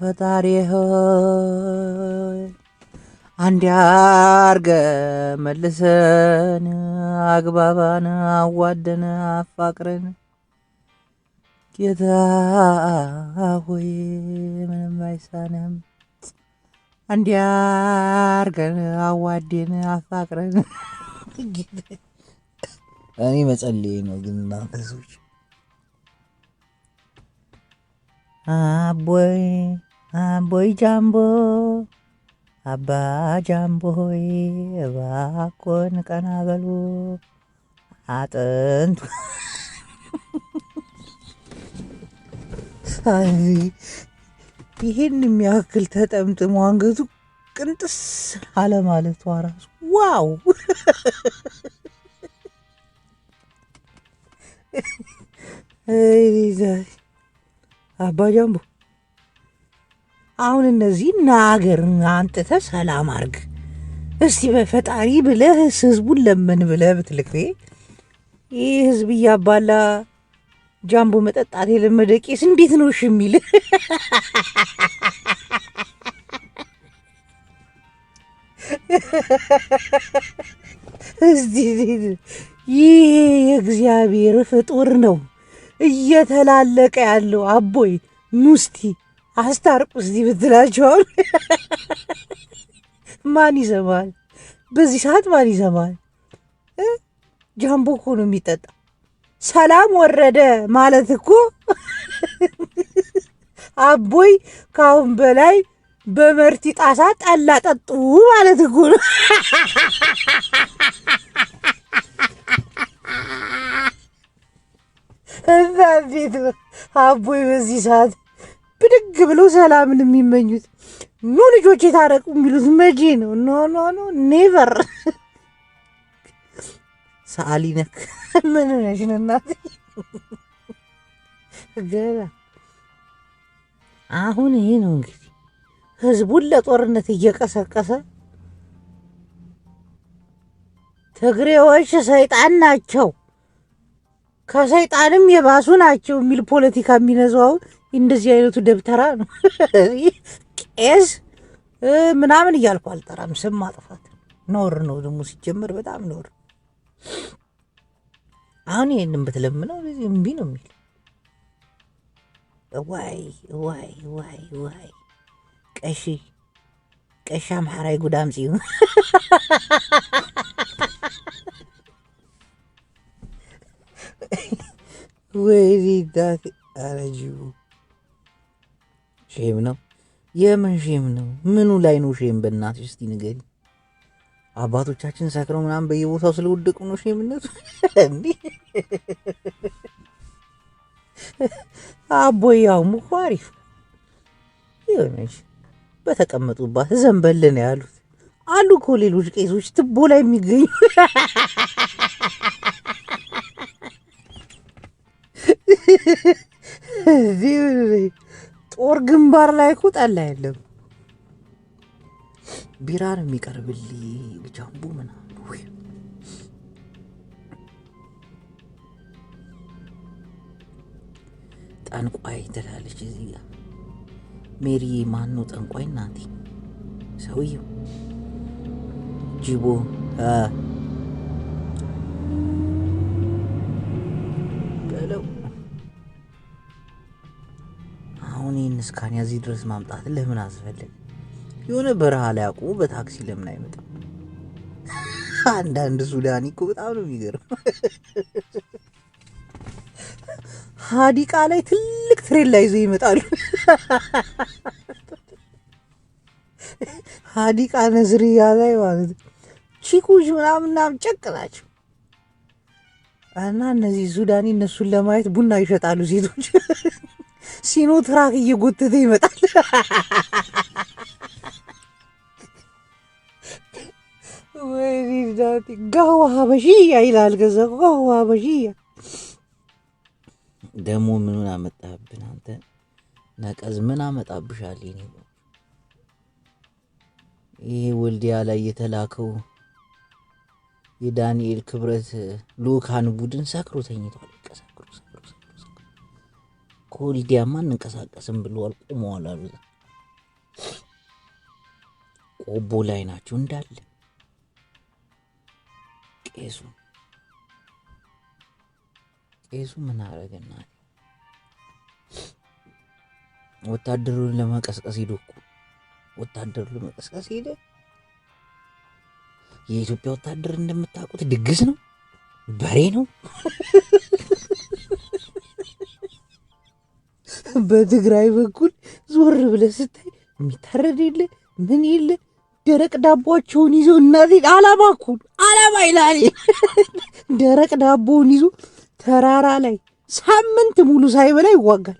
ፈጣሪ ሆይ አንድ አርገ መልሰን አግባባን አዋደን አፋቅረን ጌታ ሆይ ምንም አይሳንም አንድ አርገን አፋቅረን እኔ ነው ግን እናንተ ሰዎች አቦይ አቦይ ጃምቦ አባ ጃምቦይ እባኮን ቀና በሉ አጥንቱ ይህን የሚያክል ተጠምጥሞ አንገቱ ቅንጥስ አለ ማለቷ ራሱ ዋው! አባ ጃምቦ አሁን እነዚህ አገር አንጥተ ሰላም አርግ እስቲ በፈጣሪ ብለህ ህዝቡን ለምን ብለህ ብትልክ ይህ ህዝብ እያባላ ጃምቦ መጠጣት የለመደ ቄስ እንዴት ነው እሺ የሚል? ይህ የእግዚአብሔር ፍጡር ነው። እየተላለቀ ያለው አቦይ ሙስቲ አስታርቁ እስቲ ብትላቸዋል ማን ይሰማል? በዚህ ሰዓት ማን ይሰማል? ጃምቦ እኮ ነው የሚጠጣ። ሰላም ወረደ ማለት እኮ አቦይ ከአሁን በላይ በመርቲ ጣሳ ጠላ ጠጡ ማለት እኮ ነው። እዛ ቤት አቦይ በዚህ ሰዓት ብድግ ብለው ሰላምን የሚመኙት ኑ ልጆች የታረቁ የሚሉት መቼ ነው? ኖ ኖ ኖ ኔቨር። ሰዓሊ ነክ ምን ነሽ እናቴ? ገና አሁን ይሄ ነው እንግዲህ ህዝቡን ለጦርነት እየቀሰቀሰ ትግሬዎች ሰይጣን ናቸው ከሰይጣንም የባሱ ናቸው የሚል ፖለቲካ የሚነዛው እንደዚህ አይነቱ ደብተራ ነው። ቄስ ምናምን እያልኩ አልጠራም። ስም ማጥፋት ኖር ነው ደግሞ ሲጀመር በጣም ኖር። አሁን ይህን ብትለምነው እምቢ ነው የሚል ዋይ ዋይ ዋይ ዋይ ቀሺ ቀሺ አምሓራይ ጉዳምፂ እዩ ወይዲዳት አረጂው ሼም ነው። የምን ሼም ነው? ምኑ ላይ ነው ሼም? በእናትሽ እስቲ ንገሪ። አባቶቻችን ሰክረው ምናምን በየቦታው ስለወደቁ ነው ሼምነቱ? እንዲህ አቦያው ሙኳሪፍ ይሆነች በተቀመጡባት ዘንበልን ያሉት አሉ እኮ ሌሎች ቄሶች ትቦ ላይ የሚገኙ እዚህ ጦር ግንባር ላይ እኮ ጠላ የለም። ቢራ ነው የሚቀርብልኝ ጃምቡ ምናምን። ጠንቋይ ትላለች እዚህ ጋር ሜሪ። ማነው ጠንቋይ? እናቴ ሰውየው ጅቦ እስካኒያ እዚህ ድረስ ማምጣት ለምን አስፈልግ? የሆነ በረሃ ላይ አቁሞ በታክሲ ለምን አይመጣም? አንዳንድ ሱዳኒ እኮ በጣም ነው የሚገርም። ሀዲቃ ላይ ትልቅ ትሬላ ይዘው ይመጣሉ። ሀዲቃ ነዝርያ ላይ ማለት ቺኩሽ ምናምና ጨቅ ናቸው እና እነዚህ ሱዳኒ እነሱን ለማየት ቡና ይሸጣሉ ሴቶች ሲኖ ትራክ እየጎተተ ይመጣል። ጋዋ ሀበሽያ ይላል። ገዛ ጋዋ ሀበሽያ ደግሞ ምኑን አመጣብን አንተ ነቀዝ፣ ምን አመጣብሻል? ይህ ወልዲያ ላይ የተላከው የዳንኤል ክብረት ልኡካን ቡድን ሰክሮ ተኝቷል። ከወልዲያማ እንንቀሳቀስም ብለዋል። ቆመዋል አሉ። ቆቦ ላይ ናቸው እንዳለ ቄሱ ቄሱ ምን አረገና ወታደሩን ለመቀስቀስ ሄዶ እኮ ወታደሩ ለመቀስቀስ ሄደ። የኢትዮጵያ ወታደር እንደምታውቁት ድግስ ነው፣ በሬ ነው። በትግራይ በኩል ዞር ብለህ ስታይ የሚታረድ የለ ምን የለ ደረቅ ዳቦቸውን ይዞ እናቴ አላማ እኮ አላማ ይላል። ደረቅ ዳቦውን ይዞ ተራራ ላይ ሳምንት ሙሉ ሳይበላ ይዋጋል።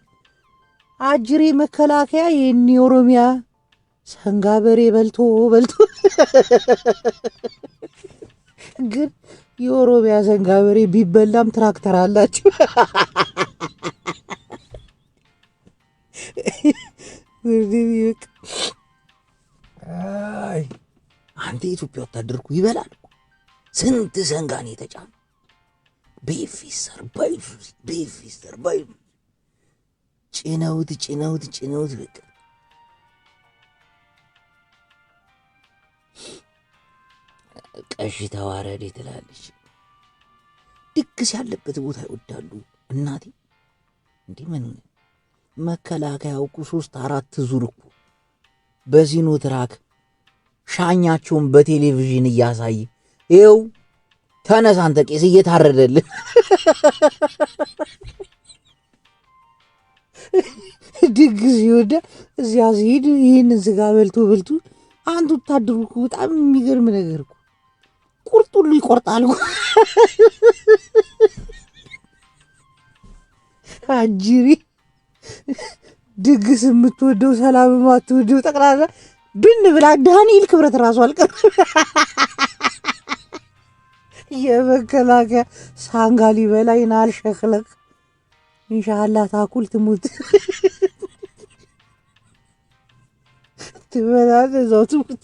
አጅሬ መከላከያ ይህን ኦሮሚያ ሰንጋ በሬ በልቶ በልቶ ግን የኦሮሚያ ሰንጋ በሬ ቢበላም ትራክተር አላቸው። ፍርድ ቤት አንተ የኢትዮጵያ ወታደር እኮ ይበላል። ስንት ዘንጋን የተጫነ በኤፌሰር ባይዙዝ በኤፌሰር ጭነውት ጭነውት ጭነውት ተዋረድ ትላለች። ድግስ ያለበት ቦታ ይወዳሉ እናቴ እንዲህ ምን መከላከያው እኮ ሶስት አራት ዙር እኮ በሲኖ ትራክ ሻኛቸውን በቴሌቪዥን እያሳይ ይኸው ተነሳ አንተ ቄስ እየታረደልን ድግስ ይወዳ እዚያ ሲሄድ ይህንን ስጋ በልቶ በልቶ አንድ ወታደሩ እኮ በጣም የሚገርም ነገር እኮ ቁርጥ ሁሉ ይቆርጣል። አጅሬ ድግስ የምትወደው ሰላም ማትወደው ጠቅላላ ብን ብላ ዳንኤል ክብረት ራሱ አልቀር የመከላከያ ሳንጋ ሊበላይ ናል ሸክለክ እንሻላ ታኩል ትሙት ትበላ እዛው ትሙት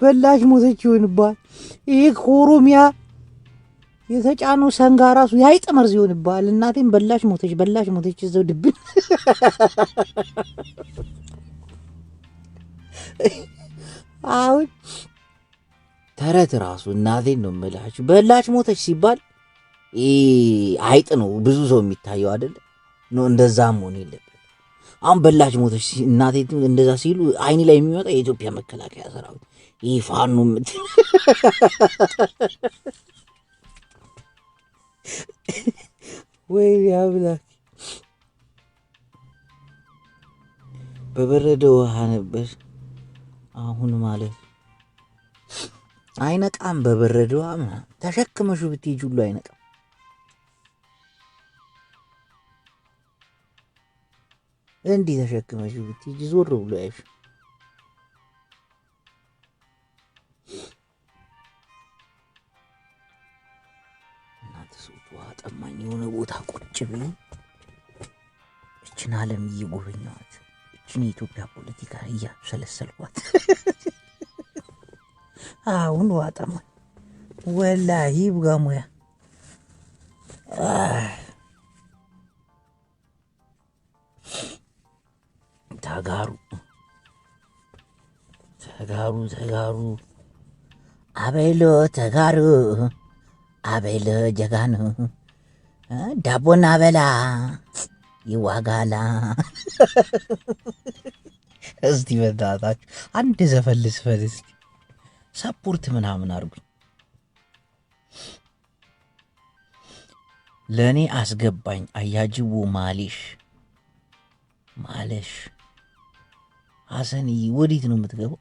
በላሽ ሞተች ይሆንባል ይህ ኦሮሚያ የተጫነው ሰንጋ ራሱ የአይጥ መርዝ ይሆንብሃል። እናቴም በላሽ ሞተች፣ በላሽ ሞተች። እዛው ድብን አሁን ተረት ራሱ እናቴን ነው የምላችሁ። በላሽ ሞተች ሲባል አይጥ ነው ብዙ ሰው የሚታየው አይደለ? ነው እንደዛም መሆን የለብን። አሁን በላሽ ሞተች እናቴ እንደዛ ሲሉ አይኔ ላይ የሚመጣ የኢትዮጵያ መከላከያ ሰራዊት ይፋኑ ወይኔ አምላክ በበረደ ውሃ ነበር። አሁን ማለት አይነቃም። በበረደ ውሃ ምናምን ተሸክመሹ ብትሄጂ ሁሉ አይነቃም። እንዲህ ተሸክመሹ ብትሄጂ ዞር ብሎ ያይሽ ስት ውሃ ጠማኝ። የሆነ ቦታ ቁጭ ብዬ እችን ዓለም እየጎበኘዋት እችን የኢትዮጵያ ፖለቲካ እያሰለሰልኳት አሁን ውሃ ጠማኝ። ወላሂ ይብጋ ሙያ ተጋሩ ተጋሩ ተጋሩ አበሎ ተጋሩ አበል ጀጋ ነው ዳቦና አበላ ይዋጋላ። እስቲ በታታችሁ አንድ ዘፈን ልስፈን እስቲ ሰፖርት ምናምን አርጉኝ። ለእኔ አስገባኝ አያጅቡ ማሊሽ ማለሽ ሐሰን ወዴት ነው የምትገባው?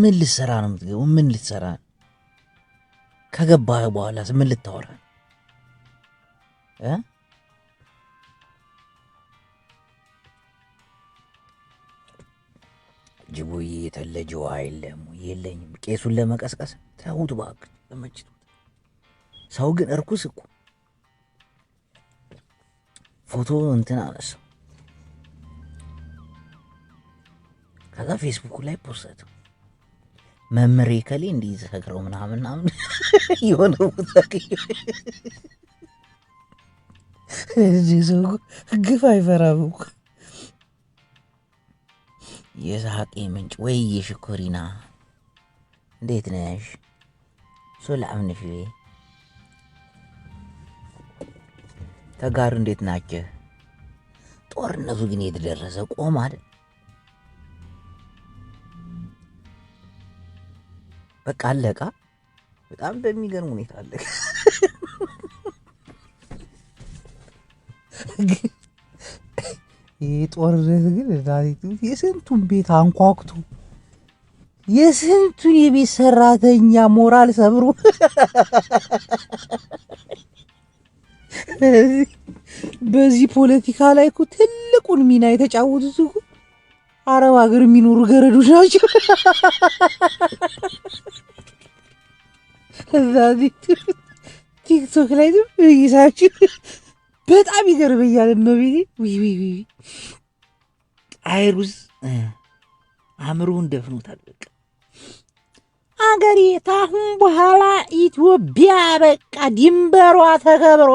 ምን ልትሰራ ነው የምትገባው? ምን ልትሰራ ነው? ከገባህ በኋላ ምን ልታወራ ጅቡዬ? የተለጀ ውሃ የለም የለኝም። ቄሱን ለመቀስቀስ ተውት እባክህ፣ ተመችቶት። ሰው ግን እርኩስ እኮ ፎቶ እንትን አነሳ፣ ከዛ ፌስቡክ ላይ ፖስት መምሬ ከሌ እንዲህ ተሰግረው ምናምን ምናምን የሆነ ቦታ ሰው ግፍ አይፈራም የሳቄ ምንጭ ወይ የሽኮሪና እንዴት ነሽ? ሶላምንሽ ተጋሩ እንዴት ናቸው? ጦርነቱ ግን የተደረሰ ቆም አለ። በቃ አለቃ በጣም በሚገርም ሁኔታ አለ። ይህ ጦርነት ግን የስንቱን ቤት አንኳኩቶ የስንቱን የቤት ሰራተኛ ሞራል ሰብሮ በዚህ ፖለቲካ ላይ እኮ ትልቁን ሚና የተጫወቱት እኮ አረብ ሀገር የሚኖሩ ገረዶች ናቸው። እዛ ቲክቶክ ላይ እይታችሁ በጣም ይገርመኛል። መቤቴ አይሩዝ አእምሮውን ደፍኖታል። በቃ አገሬ ታሁን በኋላ ኢትዮጵያ በቃ ድንበሯ ተከብሮ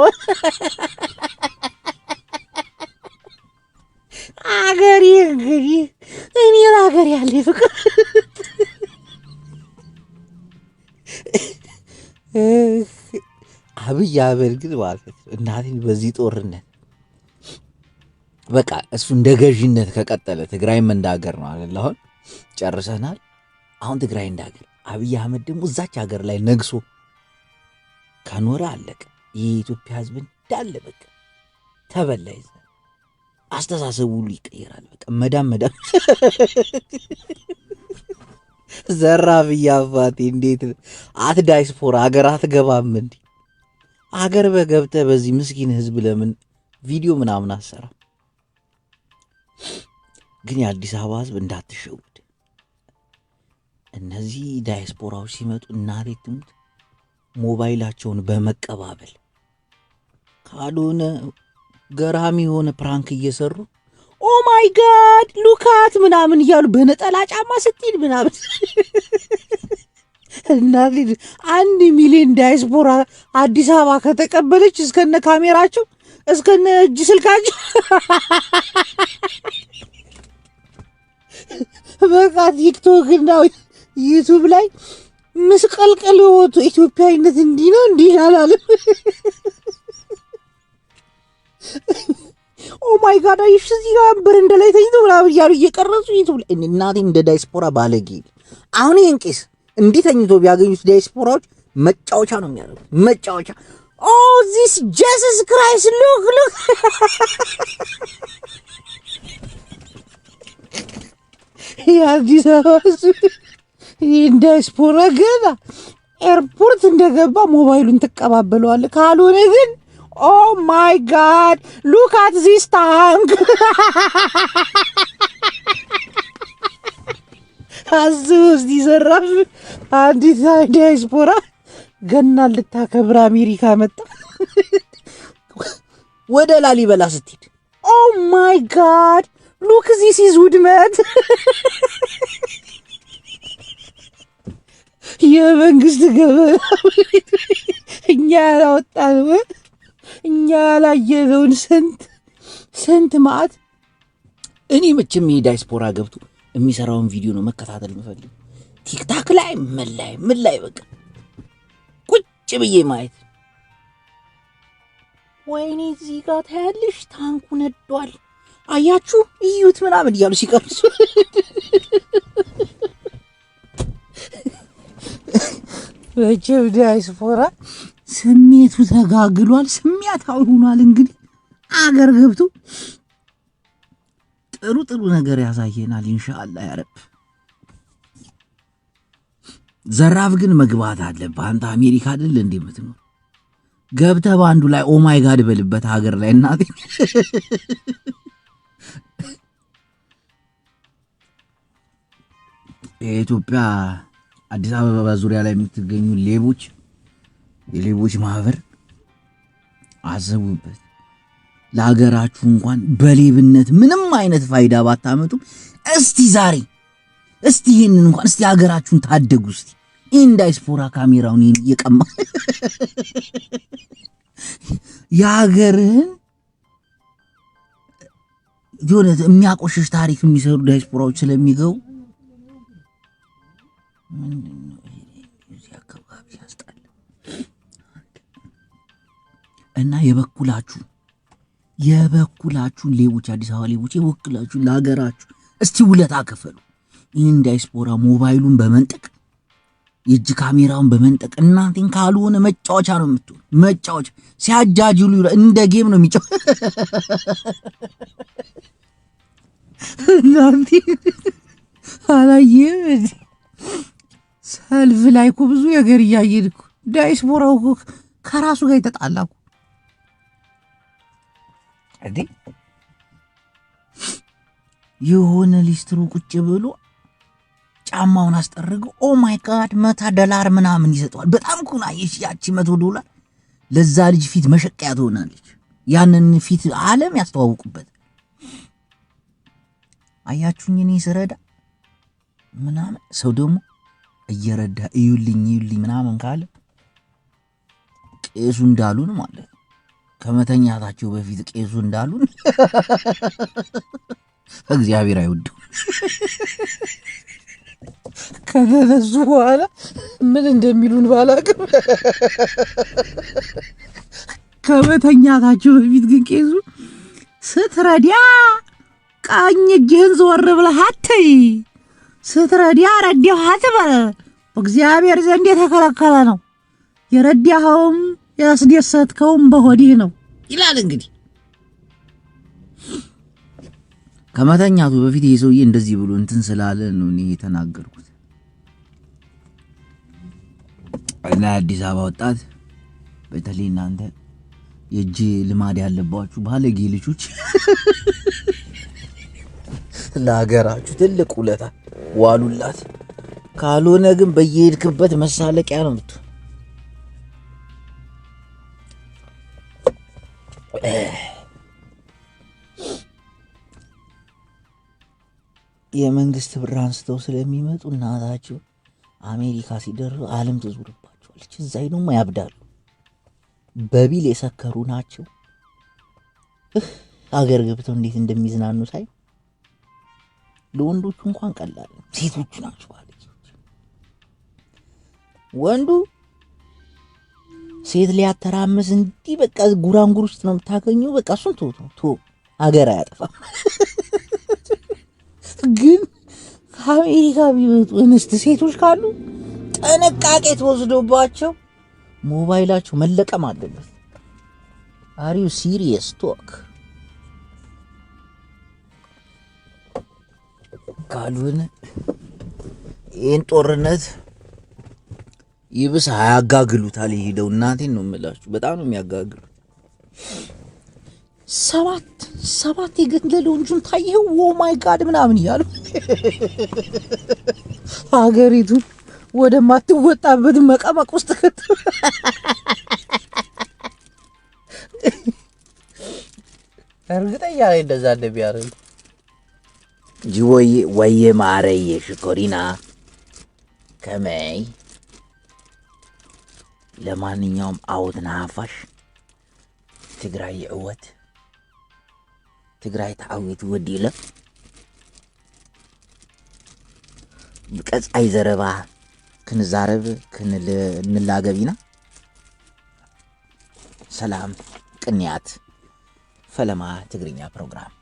አገሬ እንግዲህ እኔ ለሀገር ያለ ፍቅር አብይ ግን ማለት ነው እናቴን በዚህ ጦርነት በቃ እሱ እንደ ገዥነት ከቀጠለ ትግራይም እንዳገር ነው አለ። አሁን ጨርሰናል። አሁን ትግራይ እንዳገር አብይ አህመድ ደግሞ እዛች ሀገር ላይ ነግሶ ከኖረ አለቀ። የኢትዮጵያ ህዝብ እንዳለ በቃ ተበላ ይዘ አስተሳሰቡ ሁሉ ይቀየራል። በቃ መዳም መዳም ዘራ ብያ አባቴ እንዴት አት ዳይስፖራ ሀገር አትገባም እንዲህ አገር በገብተ በዚህ ምስኪን ህዝብ ለምን ቪዲዮ ምናምን አሰራ? ግን የአዲስ አበባ ህዝብ እንዳትሸውድ፣ እነዚህ ዳያስፖራዎች ሲመጡ እናቴ ትሙት ሞባይላቸውን በመቀባበል ካልሆነ ገራሚ የሆነ ፕራንክ እየሰሩ ኦ ማይ ጋድ ሉካት ምናምን እያሉ በነጠላ ጫማ ስትል ምናምን እናቴ አንድ ሚሊዮን ዳያስፖራ አዲስ አበባ ከተቀበለች እስከነ ካሜራቸው እስከነ እጅ ስልካቸው በቃ ቲክቶክ እና ዩቱብ ላይ ምስቀልቀል ወጡ። ኢትዮጵያዊነት እንዲህ ነው እንዲህ አላለም። ኦማይ ጋድ አይሽ እዚህ ጋር በረንዳ ላይ ተኝቶ ምናምን እያሉ እየቀረጹ ዩቱብ ላይ እናቴ እንደ ዳያስፖራ ባለጌ አሁን ይንቄስ እንዲህ ተኝቶ ቢያገኙት ዲያስፖራዎች መጫወቻ ነው የሚያደርጉት። መጫወቻ ኦ ዚስ ጀሰስ ክራይስት ሉክ ሉክ የአዲስ አበባ ይህ ዲያስፖራ ገና ኤርፖርት እንደገባ ሞባይሉን ትቀባበለዋለህ። ካልሆነ ግን ኦ ማይ ጋድ ሉክ አት ዚስ ታንክ አስቡ እስቲ ዘራፍ አንዲት ዲያስፖራ ገና ልታከብር አሜሪካ መጣ። ወደ ላሊበላ ስትሄድ ኦ ማይ ጋድ ሉክ ዚስ ኢዝ ውድመት። የመንግስት ገበና እኛ ያላወጣነውን እኛ ያላየነውን ስንት ስንት ማዕት እኔ መቼም ይሄ ዳይስፖራ ገብቶ የሚሰራውን ቪዲዮ ነው መከታተል የምፈልግ። ቲክታክ ላይ ምን ላይ ምን ላይ በቃ ቁጭ ብዬ ማየት። ወይኔ እዚህ ጋር ታያለሽ፣ ታንኩ ነዷል፣ አያችሁ እዩት ምናምን እያሉ ሲቀርሱ በጀብ ዲያስፖራ ስሜቱ ተጋግሏል፣ ስሜታዊ ሆኗል። እንግዲህ አገር ገብቶ ጥሩ ጥሩ ነገር ያሳየናል። ኢንሻአላ ያረብ። ዘራፍ ግን መግባት አለብህ አንተ። አሜሪካ አይደል እንዴ የምትኖር? ገብተህ በአንዱ ላይ ኦማይ ጋድ በልበት ሀገር ላይ እናቴ የኢትዮጵያ አዲስ አበባ ዙሪያ ላይ የምትገኙ ሌቦች፣ የሌቦች ማህበር አዘቡበት። ለሀገራችሁ እንኳን በሌብነት ምንም አይነት ፋይዳ ባታመጡም እስቲ ዛሬ እስቲ ይህንን እንኳን እስቲ ሀገራችሁን ታደጉ። እስቲ ይህን ዳይስፖራ ካሜራውን ይህን እየቀማ የሀገርህን የሆነ የሚያቆሽሽ ታሪክ የሚሰሩ ዳይስፖራዎች ስለሚገቡ እና የበኩላችሁ የበኩላችሁን ሌቦች፣ አዲስ አበባ ሌቦች የበኩላችሁን ለሀገራችሁ እስቲ ውለታ ክፈሉ። ይህን ዳይስፖራ ሞባይሉን በመንጠቅ የእጅ ካሜራውን በመንጠቅ እናንተን ካልሆነ መጫወቻ ነው የምትሆን። መጫወቻ ሲያጃጅሉ እንደ ጌም ነው የሚጫወ እናንተ አላየህ ሰልፍ ላይ እኮ ብዙ ነገር እያየድኩ ዳይስፖራው ከራሱ ጋር የተጣላኩ እንዴ የሆነ ሊስትሮ ቁጭ ብሎ ጫማውን አስጠርገው ኦ ማይ ጋድ መታ ዶላር ምናምን ይሰጠዋል። በጣም ኩና ያቺ መቶ ዶላር ለዛ ልጅ ፊት መሸቀያ ትሆናለች። ያንን ፊት ዓለም ያስተዋውቁበት። አያችሁኝ እኔ ስረዳ ምናምን ሰው ደግሞ እየረዳ እዩልኝ እዩልኝ ምናምን ካለ ቄሱ እንዳሉን ማለት ከመተኛታቸው በፊት ቄሱ እንዳሉን እግዚአብሔር አይወድም። ከተነሱ በኋላ ምን እንደሚሉን ባላቅም ከመተኛታቸው በፊት ግን ቄሱ ስትረዲያ ቀኝ እጅህን ዘወር ብለህ አትይ፣ ስትረዲያ ረዲያ አትበል፣ እግዚአብሔር ዘንድ የተከለከለ ነው። የረዲያኸውም ያስደሰትከውም በሆዲህ ነው ይላል። እንግዲህ ከመተኛቱ በፊት ይሄ ሰውዬ እንደዚህ ብሎ እንትን ስላለ ነው እኔ የተናገርኩት። እና የአዲስ አበባ ወጣት በተለይ እናንተ የእጅ ልማድ ያለባችሁ ባለጌ ልጆች ለሀገራችሁ ትልቅ ውለታ ዋሉላት። ካልሆነ ግን በየሄድክበት መሳለቂያ ነው ምትሆን። የመንግስት ብር አንስተው ስለሚመጡ እናታቸው አሜሪካ ሲደርሱ ዓለም ትዙርባቸዋለች። እዛ ደግሞ ያብዳሉ። በቢል የሰከሩ ናቸው። አገር ገብተው እንዴት እንደሚዝናኑ ሳይ ለወንዶቹ እንኳን ቀላል ሴቶቹ ናቸው። ወንዱ ሴት ሊያተራመስ እንዲህ በቃ ጉራንጉር ውስጥ ነው የምታገኘው። በቃ እሱን ቶ ቶ ሀገር አያጠፋም። ግን ከአሜሪካ ቢመጡ እንስት ሴቶች ካሉ ጥንቃቄ ተወስዶባቸው ሞባይላቸው መለቀም አለበት። አሪው ሲሪየስ ቶክ ካሉን ይህን ጦርነት ይብስ አያጋግሉታል። ይሄደው እናቴን ነው የምላችሁ፣ በጣም ነው የሚያጋግሉት። ሰባት ሰባት የገንዘለው እንጁን ታየው፣ ኦ ማይ ጋድ ምናምን እያሉ ሀገሪቱን ወደማትወጣበት መቀመቅ ውስጥ ከት እርግጠኛ ላይ እንደዛ እንደሚያደርግ ጅቦዬ ወየ ማረየ ሽኮሪና ከመይ ለማንኛውም ዓወት አፋሽ ትግራይ ይዕወት ትግራይ ተዓዊት ወዲ ኢለ ብቀጻይ ዘረባ ክንዛረብ ክንላገብ ኢና ሰላም ቅንያት ፈለማ ትግርኛ ፕሮግራም